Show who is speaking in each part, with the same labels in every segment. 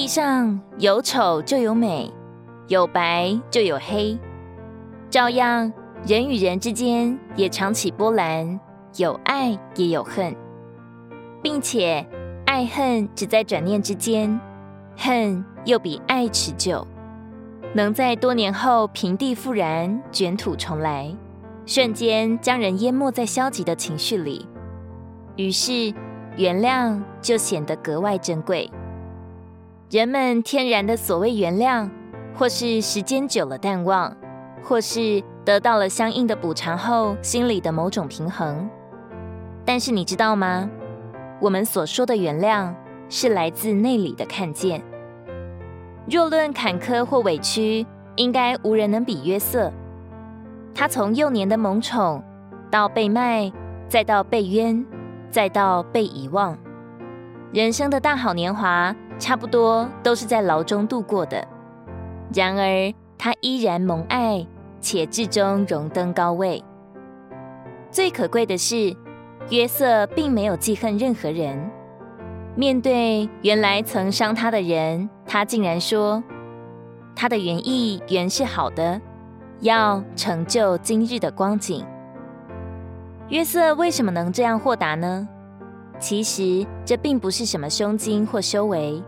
Speaker 1: 地上有醜就有美，有白就有黑，照樣人與人之間也常起波瀾，有愛也有恨，並且愛恨只在轉念之間，恨又比愛持久，能在多年後平地復燃，捲土重來，瞬間將人淹沒在消極的情緒裡，於是原諒就顯得格外珍貴。人們天然的所謂原諒，或是時間久了淡忘，或是得到了相應的補償後，心裡的某種平衡。但是你知道嗎？我們所說的原諒，是來自內裡的看見。若論坎坷或委屈，應該無人能比約瑟。他從幼年的蒙寵，到被賣，再到被冤，再到被遺忘。人生的大好年華，差不多都是在牢中度過的。然而，他依然蒙愛，且至終榮登高位。最可貴的是，約瑟並沒有記恨任何人。面對原來曾傷他的人，他竟然說：“他的原意原是好的，要成就今日的光景。”約瑟為什麼能這樣豁達呢？其實這並不是什麼胸襟或修為，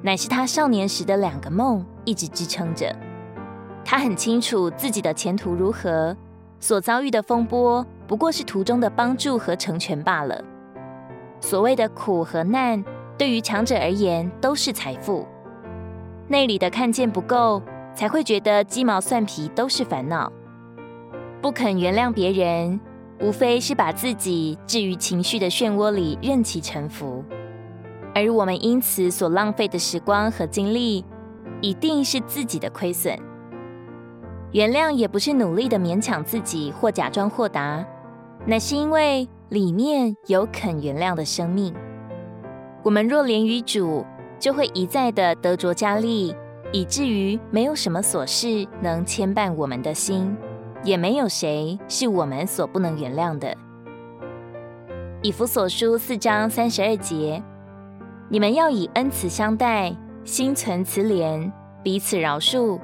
Speaker 1: 乃是他少年時的兩個夢一直支撐着。他很清楚自己的前途如何，所遭遇的風波不過是途中的幫助和成全罷了。所謂的苦和難，對於強者而言都是財富。內裡的看見不夠，才會覺得雞毛蒜皮都是煩惱，不肯原諒別人。無非是把自己置於情緒的漩渦裡，任其沉浮，而我們因此所浪費的時光和精力，一定是自己的虧損。原諒也不是努力的勉強自己或假裝豁達，那是因為裡面有肯原諒的生命。我們若連於主，就會一再的得着加力，以至於沒有什麼瑣事能牽絆我們的心。也沒有誰是我們所不能原諒的。以弗所書四章三十二節，你們要以恩慈相待，心存慈憐，彼此饒恕，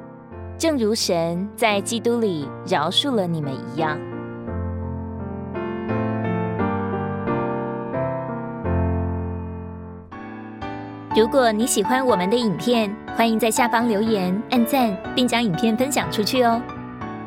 Speaker 1: 正如神在基督裡饒恕了你們一樣。如果你喜歡我們的影片，歡迎在下方留言、按贊，並將影片分享出去哦。